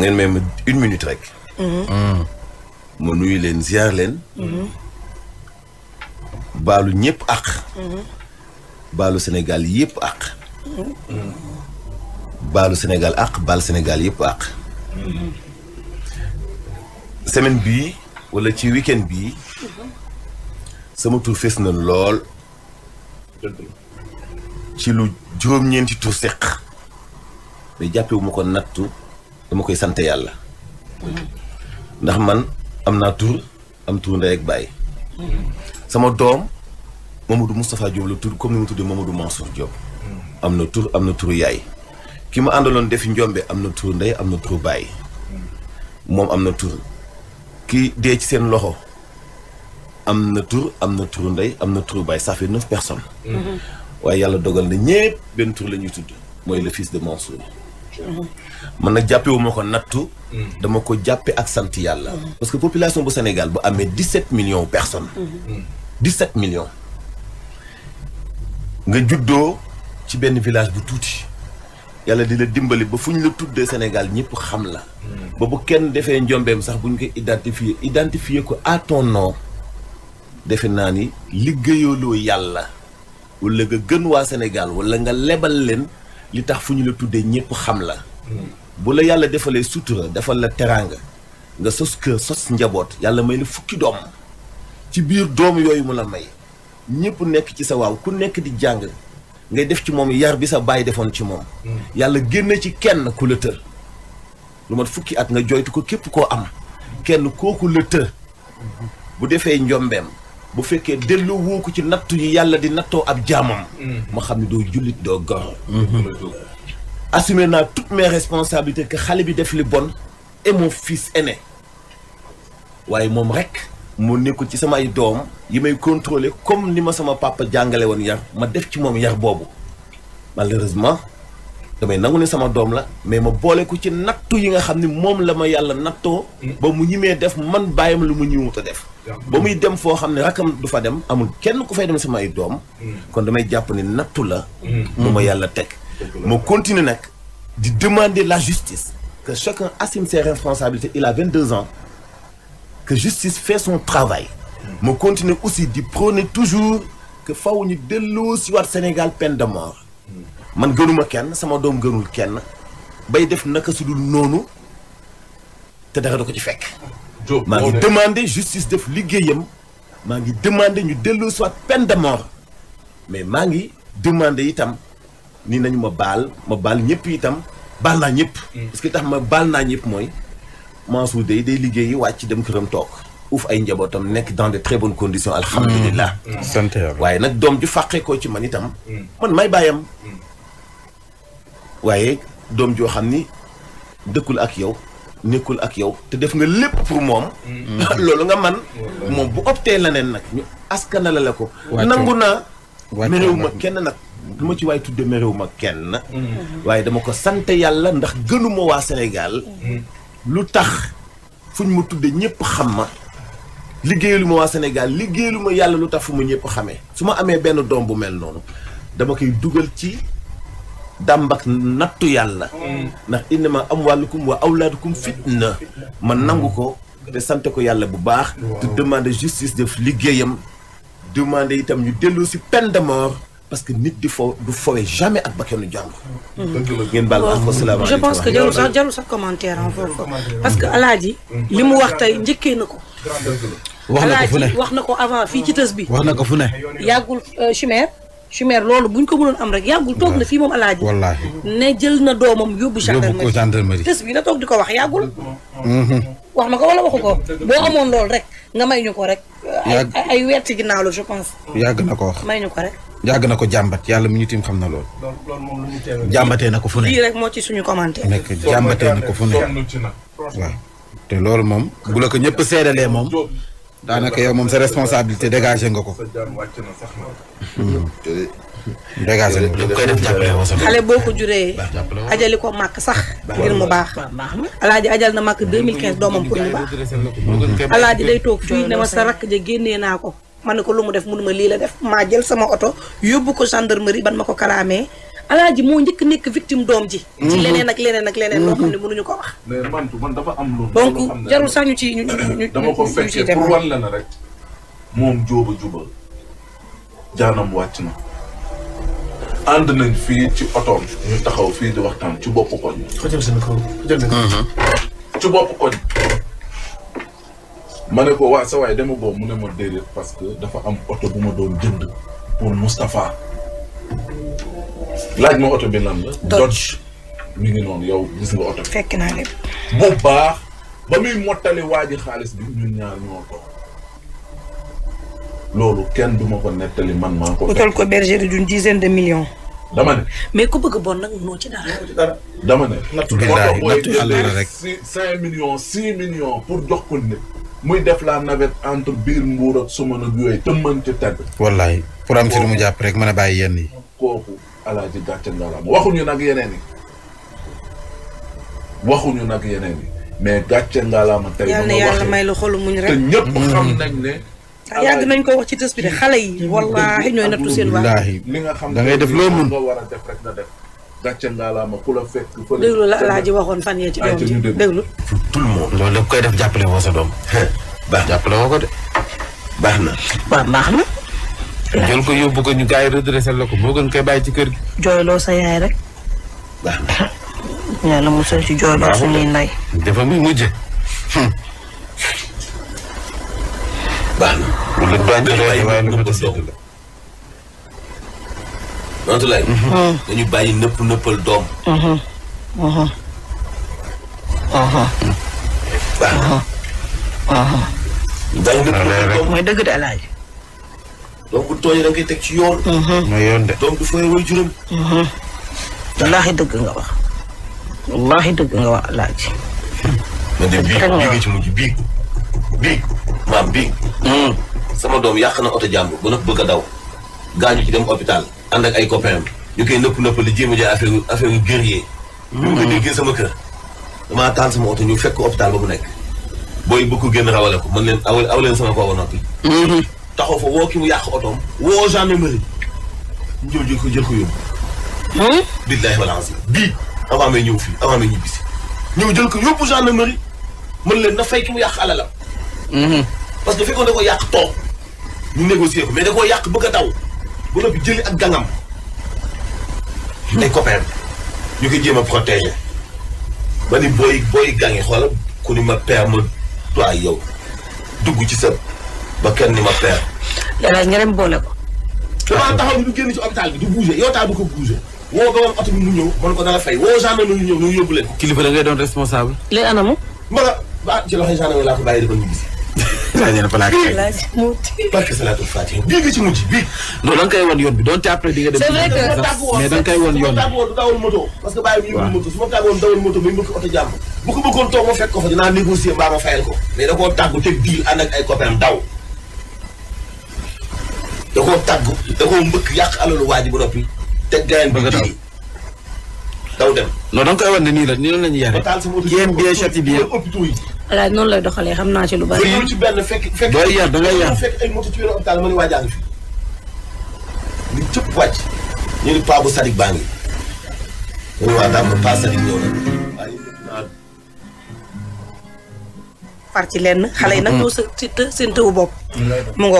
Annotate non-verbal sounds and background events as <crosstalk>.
ngeen même une minute rek. Mm-hmm. ma nuyu leen ziar leen. Mm-hmm. baalu ñëpp àq. Mm-hmm. baalu Sénégal yëpp bas baalu Sénégal ak baal Sénégal ou àq. semaine bii wala ci weekend bii. sama tur fees na lool. ci lu juróom-ñeenti tur seq. mais jàppewuma ko nattu. dama koy sante yàlla. ndax man am naa tur am tur ndey ak baay. sama doom Mamadou Moustapha Diop la tur comme ni mu tuddee Mamadou Mansour Diop. am na tur am na turu yaay. ki ma àndaloon defi njombe am na tur ndey am na turu baay. moom am na tur. ki dee ci seen loxo am na tur am na turu ndey am na turu baay ça fait neuf personnes. Mm-hmm. waaye yàlla dogal na ñépp benn tur la ñuy tudd mooy le fils de Mansour. Mwen mm. ak djapè ou mwen kon natou Dwen mwen kon djapè aksan ti yalla Poske populasyon pou Senegal Bo ame 17 milyon ou person 17 milyon Nwen djou do Ti ben ni vilaj pou touti Yalla di le dimboli Bo founye le tout de Senegal Nye pou kham la Bo pou ken defen yon bem Sakpounye identifiye Identifiye ko a ton nan Defen nani Li geyo lou yalla Ou le genwa Senegal Ou le nga lebal len li tax fu ñu la tuddee ñëpp xam la bu la yàlla defalee sutura defal la teraanga nga sos kër sos njaboot yàlla may la fukki doom ci biir doom yooyu mu la may ñëpp nekk ci sa waaw ku nekk di jàng ngay def ci moom yar bi sa baay defoon ci moom yàlla génne ci kenn ku la tër lu mat fukki at nga joytu ko képp koo am kenn kooku la tër bu defee njombeem bu fekke dellu woku ci nattu yi yalla di nattoo ab jaamam. Mm. ma xamni do julit do gor. Mm-hmm. Mm-hmm. assumé na toutes mes responsabilités que xale bi def li bon et mon fils aîné waye mom rek mo neeku ci sama doom yi may contrôler comme ni sama papa jàngale woon yar ma def ci mom yar bobu malheureusement damay nangu ne sama dom la mais ma boole ko ci natou yi nga xamni mom la ma yalla natto ba mu ñimee def man bayam lu mu ñëwut ta def. ba muy dem fo xamni rakam du fa dem. amul kenn ku fay dem sama ay doom. kon damay japp ni natou la. mu ma yàlla teg. continuer nak di demander la justice. que chacun assume ses responsabilités il a 22 ans. que justice fait son travail. mo continuer aussi di prôner toujours que faw ñu delloo ci wat Sénégal peine de mort man gënuma kenn sama doom gënul kenn bay def naka su dul té te dara du ko ci fekk. ma ngi demander justice def liggéeyam ma ngi demander ñu déllu soit peine de mort mais ma ngi demander itam ni nañu ma baal ma bal ñëpp itam bal naa ñëpp. Mm. parce que tax ma bal na ñëpp moy Mansour day day liggéeyi wacc dem kërëm tok uuf ay njabotam nek dans de très bonnes conditions. Mm. alhamdoulillah mm. santé waaye nak dom ju faqé ko ci man itam. man may bayam waaye doom joo xam ni dëkkul ak yow nekkul ak yow te def nga lépp pour moom mm-hmm. <laughs> loolu nga man mm-hmm. moom bu optee leneen nag ñu askanale la ko nangu naa mereewu ma kenn nag lu ma ci waaye tudde mereewu ma kenn mm-hmm. waaye dama ko sante yàlla ndax gënuma waa Sénégal lu tax fuñ ma tudde ñëpp xam ma liggéeyalu ma waa Sénégal liggéeyalu ma yàlla lu tax fu ma ñëpp xamee su ma amee benn doom bu mel noonu dama koy dugal ci dàmbak nattu yàlla ndax innama amwaalukum wa awlaadukum fitna man nangu ko te sant ko yalla bu baax te demander justice de liggéeyam demander itam ñu dellu ci peine de mort parce que nit di fo du fowé jamais ak bakkanu jàmbur. ngeen baal ma asalaamaaleykum je pense que jarul sax jarul sax commentaire en hein, foofu hein. parce que alaaji li mu wax tay njëkkee na ko. wax na avant fi ci tës bi. wax na ko euh, chimère. chumère loolu buñ ko mënoon am rek yàggul toog na fii moom alaaji ne jël na doomam yóbbu gendarmerie tës bi na ko wax na mhm. ko wala waxu ko boo amoon loolu rek nga may ñu ko rek ay weer ci ginnaaw la je pense yàgg na ko wax may ñu ko na ko jàmbat yàlla mi ñu tim na loolu jàmbatee na ko fu ne lii moo ci suñu commentaire nekk jàmbatee na ko fu ne waaw te loolu moom bu la ko ñëpp seedalee moom daanaka yow moom sa responsabilité dégagé nga ko. Hmm. dégagé nga ko. xale boo ko juree. ajali ko màkk sax. ngir mu baax. alaaji ajal na makk màkk 2015 doomam pour mu baax. alaaji day toog fii ne ma sa rakk ja génnee naa ko. ma ne ko lu mu def mënuma lii la def maa jël sama oto yóbbu ko gendarmerie ban ma ko kalaamee. alaaji moo njëkk nekk victime doom ji. ci mhm. leneen ak leneen ak leneen. loo xam ne mënuñu ko wax. mais man man dafa am lu. donc jarul sax ñu ci ñu ñu dama ko fekkee pour wan la na rek. moom jóoba juba jaanam wàcc na. ànd nañ fii ci otoom ñu taxaw fii di waxtaan ci bopp koñ. xajal seen kaw xajal ci bopp koñ. ma ne ko waa sa waay dama boobu mu ne ma déedéet parce que dafa am oto bu ma doon jënd pour Moustapha. laaj ma oto bi lan la. Dodge mi ngi noonu yow gis nga oto bi. fekk naa lépp. bu baax ba muy mottali waa ji xaalis bi ñun ñaar ñoo toog kenn du ko netali man maa ko. utal ko berger d'une dizaine de millions. dama ne. mais ku beug bon nak no ci dara. dama ne. nattu billaay nattu yàlla la rek 5 millions 6 millions pour jox ko nit. muy def la navette entre bir mbour ak suma nag yooyu te meunte ci wallahi pouram am ci lu mu jàpp rek mën baye yenn yi. kooku alaaji gàcce waxu ñu nak yeneen yi ñu nak yeneen yi mais gàcce ma tay yal na yalla may lu xolu muñ rek te ñepp xam nañ ne. yag nañ ko wax ci tës bi de xalé yi. wallahi ñoy natu seen waa. li nga xam da ngay def loo mun nga def rek na def. gàcce ngalaama ku la fekk fële. déglu la alaaji waxoon fan yee ci doom tout le monde koy def sa baax ko de baax na. baax jël ko yóbbu ko ñu gars yi redressé la ko moo gën koy bàyyi ci kër gi. jooyloo sa yaay rek. baax na. yàlla musal ci jooyloo suñuy ndey. dafa muy mujj. baax na. lu doon jëlee waaye lu ko desee la. donte lay. dañu bàyyi nëpp nëppal doom. baax na. bàyyi nëpp nëppal doom mooy dëgg de alaaji donc bu tooñee da nga teg ci yoon. mooy mhm. yoon de. donc du fay way juróom. Mhm. wallaahi dëgg nga wax. wallaahi dëgg nga wax laaj. dëgg la bii bii ci mujj bii bii maam bii. Mhm. sama doom yàq na oto jàmbur ba nag bëgg a daw. gaañu ci dem hôpital ànd ak ay copains ñu koy nëpp nëpp li jéem a jaay affaire affaire yu guerrier. ñu ngi koy déggee sama kër. damaa taal sama oto ñu fekk hôpital ba mu nekk. booy bëgg ko génn rawale ko mën leen aw aw leen sama kaw a noppi. taxaw fa woo ki mu yàq otoom woo gendarmerie ñu jël ko jël ko yóbbu. billahi wal azim bii avant may ñëw fii avant may ñibbi si ñëw jël ko yóbbu gendarmerie mën leen na fay ki mu yàq alalam. parce que fekkoon da ko yàq toog ñu négocier ko mais da koo yàq bëgg a daw ba noppi jëli ak gàngam. ne copains ñu koy jéem a protéger. ba ni booy booy gàngi xoolal ku ni ma peer ma toi yow dugg ci sa ba kenn ni ma peer dalaaj nga dem boole ko. bi du bouger yow taa du kilifa da ngay doon responsable. léegi anamu. mbala ba ci loxo gendarme laa ko bàyyi di su ma dawal moto moto su ma tàggoon dawal bëgg oto jàmm. bu ko ma fekk ko fa dinaa négocier mbaa ma fayal ko mais da koo teg diil ànd ak ay copain daw da koo tàgg da koo mbëkk yàq alalu daw dem non koy la yare bien chati bien lay ci lu bari ci yar da yar ay moto ci hôpital fi li ñu ni bu sadik ñu sadik far ci lenn mu